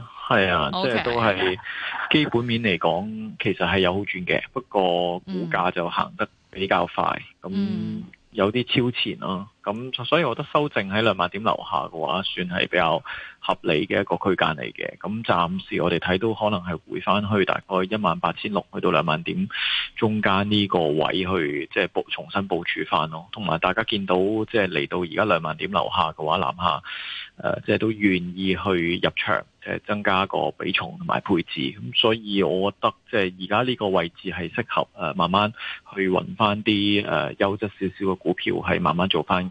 係啊，okay，即係都係基本面嚟講，yeah。其實係有好轉嘅，不過股價就行得比較快，咁、mm。有啲超前咯、啊。咁所以，我覺得修正喺兩萬點樓下嘅話算係比較合理嘅一個區間嚟嘅。咁暫時我哋睇到可能係回翻去大概一萬八千六去到兩萬點中間呢個位去，即係佈重新部署翻咯。同埋大家見到即係嚟到而家兩萬點樓下嘅話南下誒、呃，即係都願意去入場，誒增加個比重同埋配置。咁所以我覺得即係而家呢個位置係適合誒、呃、慢慢去揾翻啲誒優質少少嘅股票，係慢慢做翻。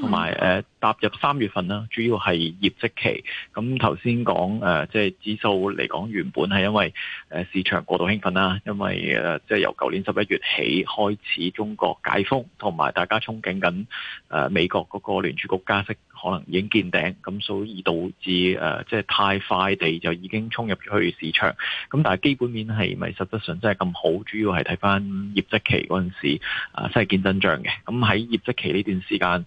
同埋誒踏入三月份啦，主要係業績期。咁頭先講，誒、啊，即係指數嚟講，原本係因為誒市場過度興奮啦，因為誒即係由舊年十一月起開始中國解封，同埋大家憧憬緊誒、啊、美國嗰個聯儲局加息可能已經見頂，咁所以導致誒即係太快地就已經衝入咗去市場。咁但係基本面係咪實質上真係咁好？主要係睇翻業績期嗰陣時，啊，真係見真象嘅。咁喺業績期呢段時間。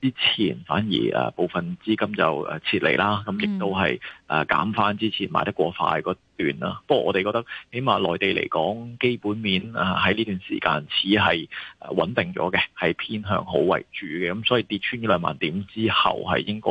之前反而誒部分資金就誒撤離啦，咁亦都係誒減翻之前買得過快嗰段啦、嗯。不過我哋覺得起碼內地嚟講，基本面啊喺呢段時間似係穩定咗嘅，係偏向好為主嘅。咁所以跌穿呢兩萬點之後，係應該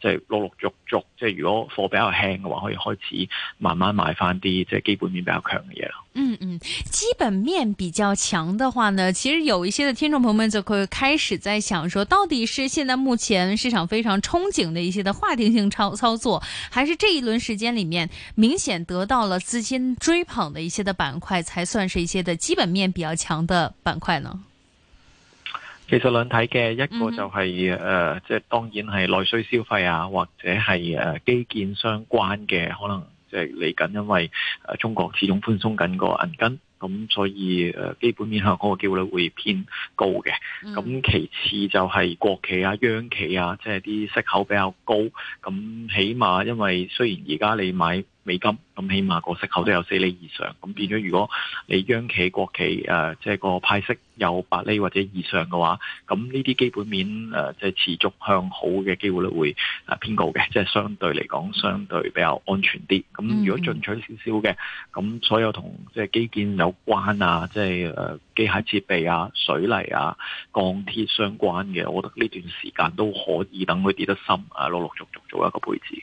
即係陸陸續續，即係如果貨比較輕嘅話，可以開始慢慢買翻啲即係基本面比較強嘅嘢啦。嗯嗯，基本面比較強嘅話呢，其實有一些嘅聽眾朋友們就會開始在想說，說到底是。現在目前市場非常憧憬的一些的話題性操操作，還是這一輪時間裏面明顯得到了資金追捧的一些的板塊，才算是一些的基本面比較強的板塊呢？其實兩睇嘅，一個就係、是、誒，即、mm、係 -hmm. 呃就是、當然係內需消費啊，或者係誒基建相關嘅，可能即係嚟緊，因為誒、呃、中國始終寬鬆緊個銀根。咁所以誒基本面向嗰個機會率會偏高嘅，咁其次就係國企啊、央企啊，即係啲息口比較高，咁起碼，因為雖然而家你買。美金咁起碼個息口都有四厘以上，咁變咗如果你央企國企誒，即係個派息有八厘或者以上嘅話，咁呢啲基本面誒，即係持續向好嘅機會率會偏高嘅，即係相對嚟講相對比較安全啲。咁如果進取少少嘅，咁所有同即係基建有關啊，即係誒機械設備啊、水泥啊、鋼鐵相關嘅，我覺得呢段時間都可以等佢跌得深啊，陸陸續續做一個配置。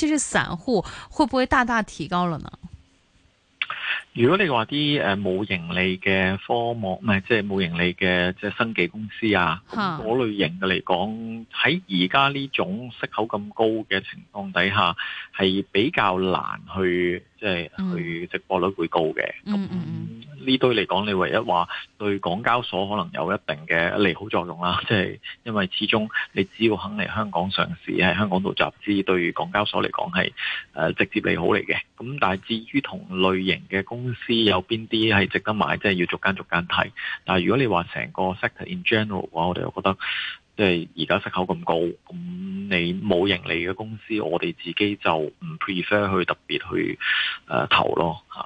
其實散戶會不會大大提高了呢？如果你話啲誒冇盈利嘅科目，唔係即係冇盈利嘅即係生技公司啊，嗰類型嘅嚟講，喺而家呢種息口咁高嘅情況底下，係比較難去。即係佢直播率會高嘅，咁，mm-hmm，呢堆嚟講，你唯一話對港交所可能有一定嘅利好作用啦。即係因為始終你只要肯嚟香港上市，喺香港度集資，對港交所嚟講係誒直接利好嚟嘅。咁但係至於同類型嘅公司有邊啲係值得買，即係要逐間逐間睇。但如果你話成個 sector in general 嘅話，我哋又覺得。即係而家息口咁高，咁你冇盈利嘅公司，我哋自己就唔 prefer 去特別去、呃、投咯吓。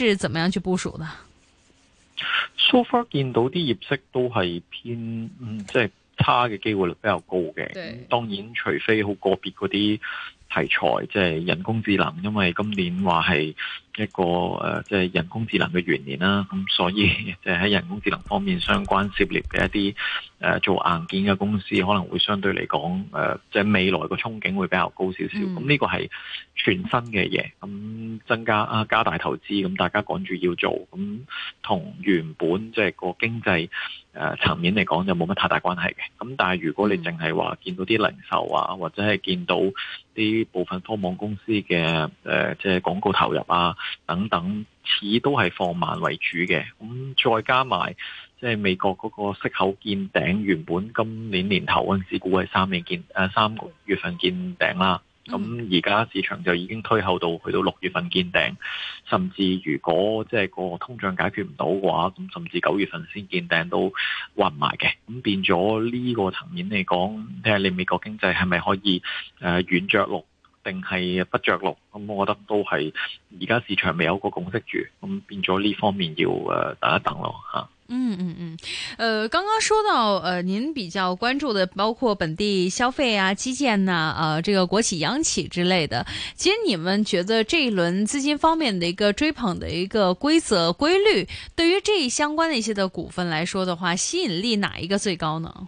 是怎麼樣去部署的？so far 見到啲業績都係偏，嗯，即係差嘅機會率比較高嘅。Mm. 當然，除非好個別嗰啲題材，即係人工智能，因為今年話係。一個誒，即係人工智能嘅元年啦，咁所以即係喺人工智能方面相關涉獵嘅一啲誒做硬件嘅公司，可能會相對嚟講誒，即係未來個憧憬會比較高少少。咁呢個係全新嘅嘢，咁增加啊加大投資，咁大家趕住要做，咁同原本即係個經濟誒層面嚟講就冇乜太大關係嘅。咁但係如果你淨係話見到啲零售啊，或者係見到啲部分科網公司嘅誒，即係廣告投入啊。等等，似都係放慢為主嘅。咁再加埋，即係美國嗰個息口見頂，原本今年年頭嗰陣時估係三年見，誒，三個月份見頂啦。咁而家市場就已經推後到去到六月份見頂，甚至如果即係個通脹解決唔到嘅話，咁甚至九月份先見頂都穩埋嘅。咁變咗呢個層面嚟講，睇下你美國經濟係咪可以誒軟着陸？定係不着陸，咁、嗯、我覺得都係而家市場未有個共識住，咁、嗯、變咗呢方面要誒、呃、等一等咯，嗯嗯嗯，呃，剛剛說到、呃、您比較關注的包括本地消費啊、基建呐、啊，啊、呃，這個國企、央企之類的，其實你們覺得這一輪資金方面的一個追捧的一個規則規律，對於這相關的一些的股份來說的話，吸引力哪一個最高呢？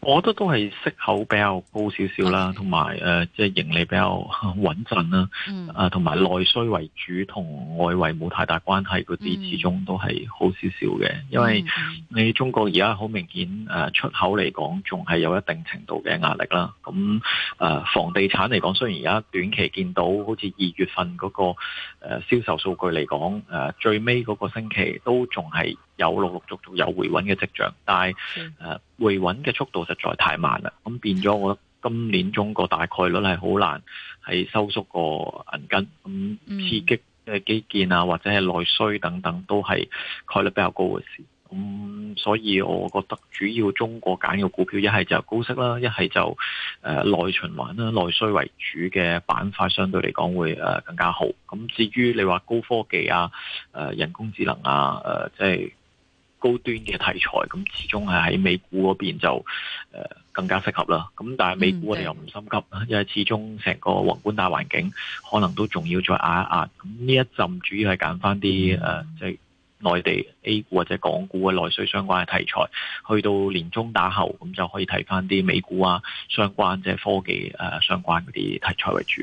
我覺得都係息口比較高少少啦，同埋誒即係盈利比較穩陣啦，啊同埋內需為主，同外圍冇太大關係嗰啲，始終都係好少少嘅。因為你中國而家好明顯誒出口嚟講，仲係有一定程度嘅壓力啦。咁誒房地產嚟講，雖然而家短期見到好似二月份嗰個誒銷售數據嚟講，誒最尾嗰個星期都仲係有陸陸續續有回穩嘅跡象，但係誒。嗯回穩嘅速度實在太慢啦，咁變咗我覺得今年中國大概率係好難係收縮個銀根，咁刺激誒基建啊或者係內需等等都係概率比較高嘅事，咁所以我覺得主要中國揀嘅股票一係就係高息啦，一係就誒內循環啦，內需為主嘅板塊相對嚟講會誒更加好，咁至於你話高科技啊誒人工智能啊誒即係。呃就是高端嘅題材，咁始終係喺美股嗰邊就誒、呃、更加適合啦。咁但係美股我哋又唔心急，因為始終成個宏觀大環境可能都仲要再壓一壓。咁呢一陣主要係揀翻啲誒，即係內地 A 股或者港股嘅內需相關嘅題材，去到年中打後，咁就可以睇翻啲美股啊相關即係、就是、科技誒、啊、相關嗰啲題材為主。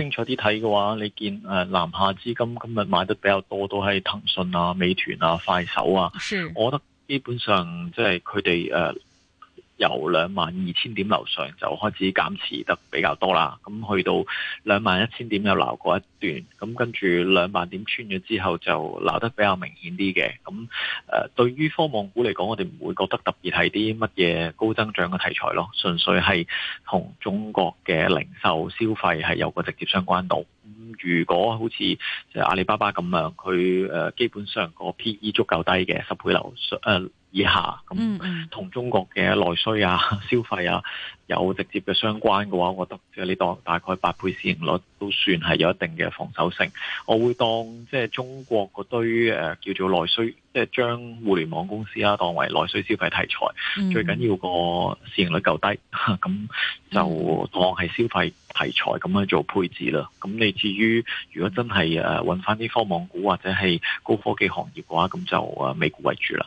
清楚啲睇嘅話，你見誒、呃、南下資金今日買得比較多，都係騰訊啊、美團啊、快手啊，我覺得基本上即係佢哋誒。就是由兩萬二千點樓上就開始減持得比較多啦，咁去到兩萬一千點又鬧過一段，咁跟住兩萬點穿咗之後就鬧得比較明顯啲嘅，咁誒對於科網股嚟講，我哋唔會覺得特別係啲乜嘢高增長嘅題材咯，純粹係同中國嘅零售消費係有個直接相關度。如果好似即係阿里巴巴咁樣，佢誒基本上個 P/E 足夠低嘅十倍樓誒以下，咁同中國嘅內需啊、消費啊有直接嘅相關嘅話，我覺得即係呢檔大概八倍市盈率都算係有一定嘅防守性，我會當即係中國嗰堆誒叫做內需。即係將互聯網公司啊當為內需消費題材，嗯、最緊要個市盈率夠低，咁就當係消費題材咁樣做配置啦。咁你至於如果真係誒揾翻啲科網股或者係高科技行業嘅話，咁就誒美股為主啦。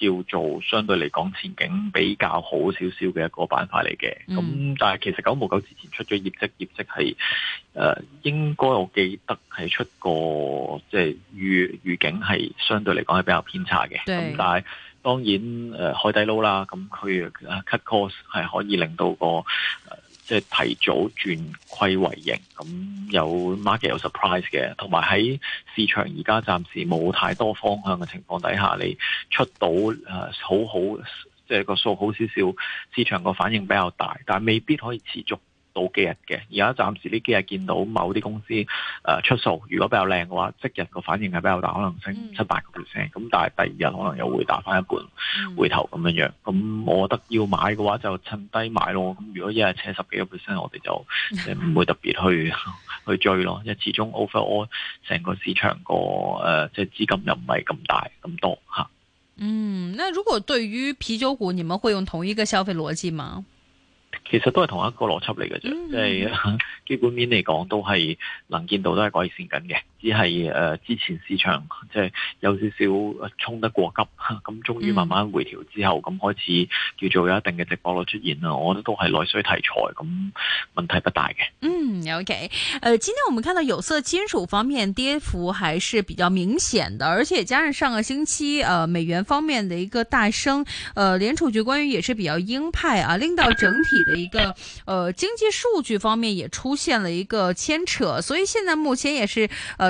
叫做相對嚟講前景比較好少少嘅一個板塊嚟嘅，咁、嗯、但係其實九毛九之前出咗業績，業績係誒、呃、應該我記得係出過，即、就、係、是、預預警係相對嚟講係比較偏差嘅，咁但係當然誒、呃、海底撈啦，咁佢 cut cost 係可以令到個。呃即係提早轉虧為盈，咁有 market 有 surprise 嘅，同埋喺市場而家暫時冇太多方向嘅情況底下，你出到誒、呃、好好，即係個數好少少，市場個反應比較大，但係未必可以持續。到幾日嘅？而家暫時呢幾日見到某啲公司誒、呃、出數。如果比較靚嘅話，即日個反應係比較大，可能升七八個 percent。咁但係第二日可能又會打返一半回頭咁樣、嗯、樣。咁我覺得要買嘅話就趁低買咯。咁如果一日扯十幾個 percent，我哋就唔會特別去、嗯、去追咯。因為始終 overall 成個市場個誒即係資金又唔係咁大咁多嚇。嗯，那如果對於啤酒股，你們會用同一個消費邏輯嗎？其實都係同一個邏輯嚟嘅啫，即係基本面嚟講都係能見度都係改善緊嘅。只係誒、呃、之前市場即係有少少衝得過急，咁終於慢慢回調之後，咁、嗯、開始叫做有一定嘅直播率出現啦。我覺得都係內需題材，咁問題不大嘅。嗯，OK，誒、呃，今天我們看到有色金屬方面跌幅還是比較明顯的，而且加上上個星期誒、呃、美元方面嘅一個大升，誒聯儲局關於也是比較鷹派啊，令到整體嘅一個誒、呃、經濟數據方面也出現了一個牽扯，所以現在目前也是誒。呃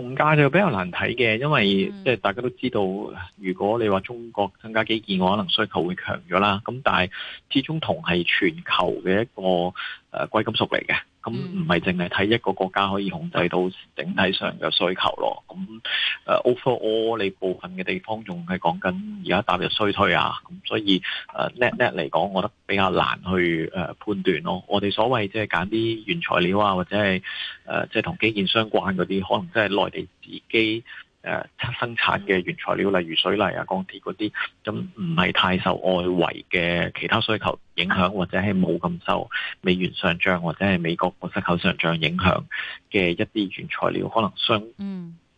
銅價就比較難睇嘅，因為即係大家都知道，如果你話中國增加基建，我可能需求會強咗啦。咁但係始終銅係全球嘅一個誒貴金屬嚟嘅。咁唔係淨係睇一個國家可以控制到整體上嘅需求咯。咁誒，Overall 你部分嘅地方仲係講緊而家踏入衰退啊。咁所以誒 net net 嚟講，我覺得比較難去誒判斷咯。我哋所謂即係揀啲原材料啊，或者係誒即係同基建相關嗰啲，可能真係內地自己。誒，生產嘅原材料，例如水泥啊、鋼鐵嗰啲，咁唔係太受外圍嘅其他需求影響，或者係冇咁受美元上漲或者係美國個息口上漲影響嘅一啲原材料，可能相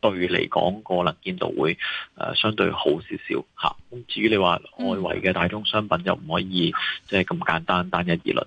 對嚟講，個、嗯、能見度會誒相對好少少，咁至於你話外圍嘅大宗商品，又唔可以即係咁簡單單一議論。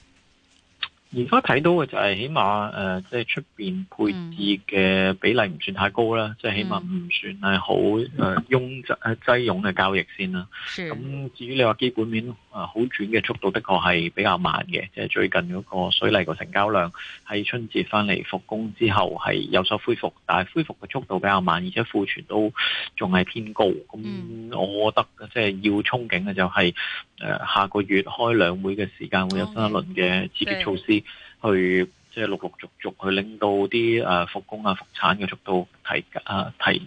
而家睇到嘅就係起碼誒，即係出邊配置嘅比例唔算太高啦，即、嗯、係、就是、起碼唔算係好誒擁擠擠擁嘅交易先啦。咁、嗯、至於你話基本面誒好轉嘅速度，的確係比較慢嘅。即、就、係、是、最近嗰個水泥個成交量喺春節翻嚟，復工之後係有所恢復，但係恢復嘅速度比較慢，而且庫存都仲係偏高。咁、嗯、我覺得即係要憧憬嘅就係、是、誒、呃、下個月開兩會嘅時間會有新一輪嘅刺激措施、嗯。嗯去即係陸陸續續去令到啲誒復工啊復產嘅速度提啊提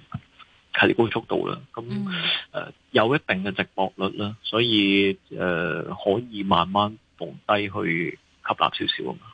提高速度啦，咁誒、mm -hmm. 呃、有一定嘅值博率啦，所以誒、呃、可以慢慢逢低去吸納少少啊。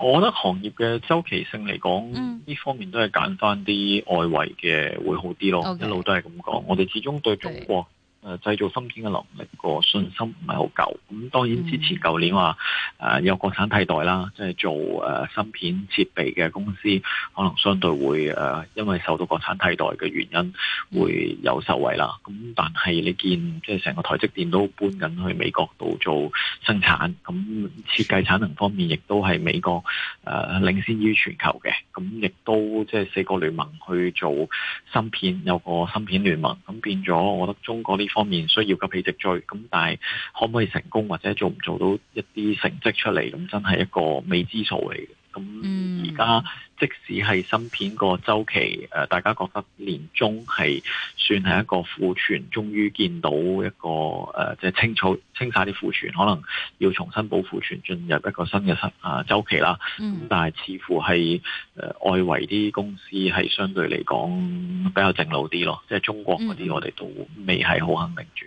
我覺得行業嘅週期性嚟講，嗯、呢方面都係揀返啲外圍嘅會好啲咯，okay，一路都係咁講。我哋始終對中國誒製造芯片嘅能力個信心唔係好夠，咁當然之前舊年話誒有國產替代啦，即係做誒芯片設備嘅公司，可能相對會誒因為受到國產替代嘅原因會有受惠啦。咁但係你見，即係成個台積電都搬緊去美國度做生產，咁設計產能方面亦都係美國誒領先於全球嘅，咁亦都即係四個聯盟去做芯片有個芯片聯盟，咁變咗，我覺得中國呢，方面需要急起直追，咁但係可唔可以成功或者做唔做到一啲成績出嚟，咁真係一個未知數嚟嘅。咁而家即使係芯片個周期，呃，大家覺得年中係算係一個庫存，終於見到一個誒，即、呃、係、就是，清楚清晒啲庫存，可能要重新補庫存，進入一個新嘅新啊週期啦。咁、嗯、但係似乎係、呃、外圍啲公司係相對嚟講比較正路啲咯，即、就、係、是、中國嗰啲我哋都未係好肯定住。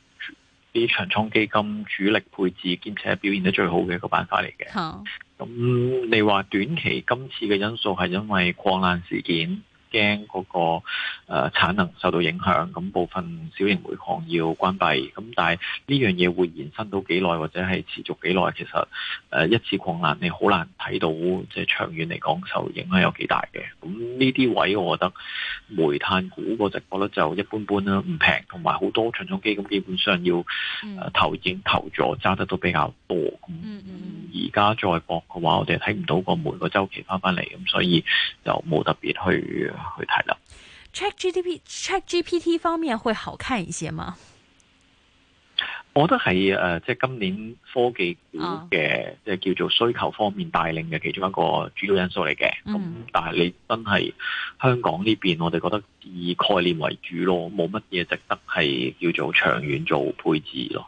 啲長倉基金主力配置兼且表現得最好嘅一個板塊嚟嘅，咁、嗯、你話短期今次嘅因素係因為礦難事件。驚嗰個誒產能受到影響，咁部分小型煤礦要關閉，咁但係呢樣嘢會延伸到幾耐，或者係持續幾耐？其實誒一次礦難你好難睇到，即係長遠嚟講受影響有幾大嘅。咁呢啲位我覺得煤炭股個值，我覺得就一般般啦，唔平，同埋好多場中基金基本上要投現投助，揸得都比較多。咁而家再博嘅話，我哋睇唔到個每個周期翻翻嚟，咁所以就冇特別去。去睇啦。Check GDP Check GPT，方面會好看一些嗎？我覺得係誒，即係今年科技股嘅，哦，即係叫做需求方面帶領嘅其中一個主要因素嚟嘅。咁、嗯、但係你真係香港呢邊，我哋覺得以概念為主咯，冇乜嘢值得係叫做長遠做配置咯。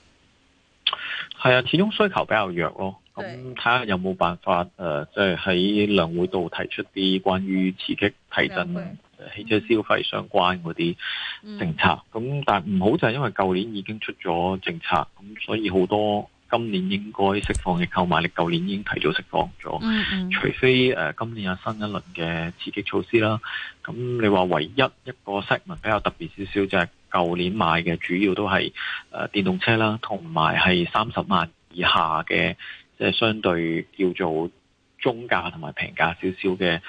係啊，始終需求比較弱咯，咁睇下有冇辦法，誒，即係喺兩會度提出啲關於刺激提振汽車消費相關嗰啲政策。咁、嗯、但係唔好就係因為舊年已經出咗政策，咁所以好多。今年應該釋放嘅購買力，舊年已經提早釋放咗。嗯嗯。除非誒今年有新一輪嘅刺激措施啦。咁你話唯一一個 segment 比較特別少少，就係舊年買嘅，主要都係誒電動車啦，同埋係三十萬以下嘅，即係相對叫做。中價同埋平價少少嘅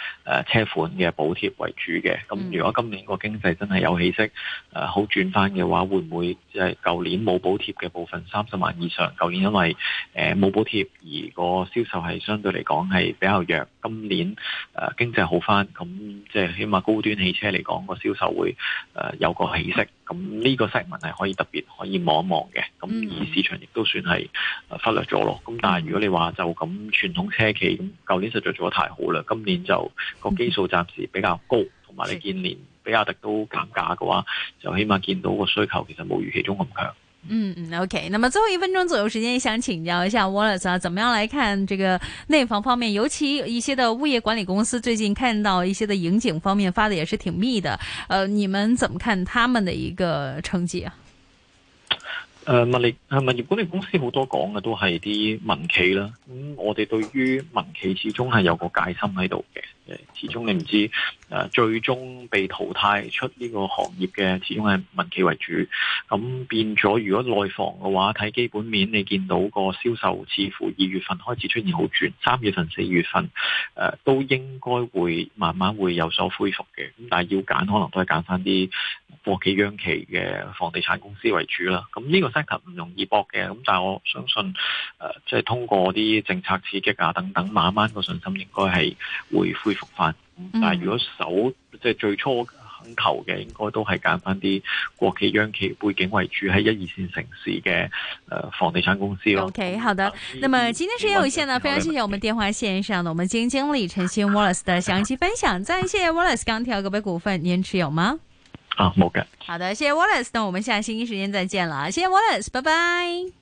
誒車款嘅補貼為主嘅，咁如果今年個經濟真係有起色，誒好轉返嘅話，會唔會即係舊年冇補貼嘅部分三十萬以上？舊年因為誒冇補貼而個銷售係相對嚟講係比較弱，今年誒經濟好返，咁即係起碼高端汽車嚟講個銷售會誒有個起色。咁呢個 segment 係可以特別可以望一望嘅，咁而市場亦都算係忽略咗咯。咁、嗯、但係如果你話就咁傳統車企咁，舊年實在做得太好啦，今年就個基數暫時比較高，同埋你見連比亞迪都減價嘅話，就起碼見到個需求其實冇預期中咁強。嗯嗯，OK。那麼最後一分鐘左右時間，也想請教一下 Wallace 啊，怎麼樣來看這個內房方面，尤其一些的物業管理公司，最近看到一些的盈警方面發的也是挺密的。呃，你們怎麼看他們的一個成績啊？呃，物業管理公司好多講嘅都係啲民企啦，咁、嗯、我哋對於民企始終係有個戒心喺度嘅。始終你唔知，誒、呃、最終被淘汰出呢個行業嘅，始終係民企為主。咁變咗，如果內房嘅話，睇基本面，你見到個銷售似乎二月份開始出現好轉，三月份、四月份誒、呃、都應該會慢慢會有所恢復嘅。咁但係要揀，可能都係揀翻啲國企央企嘅房地產公司為主啦。咁呢個 sector 唔容易搏嘅，咁但係我相信，呃、即係通過啲政策刺激啊等等，慢慢個信心應該係會恢復。嗯、但係如果首即係最初肯投嘅，應該都係揀翻啲國企央企背景為主，喺一二線城市嘅、呃、房地產公司咯。OK，好的。嗯、那麼今天時間有限呢、嗯，非常謝謝我們電話線上嘅、嗯、我，我們晶經理陳昕 Wallace 的詳細分享。再謝、謝 Wallace，剛調個別股份，您有持有嗎？啊，冇嘅。好的，謝謝 Wallace。那我們下星期時間再見啦，謝謝 Wallace，拜拜。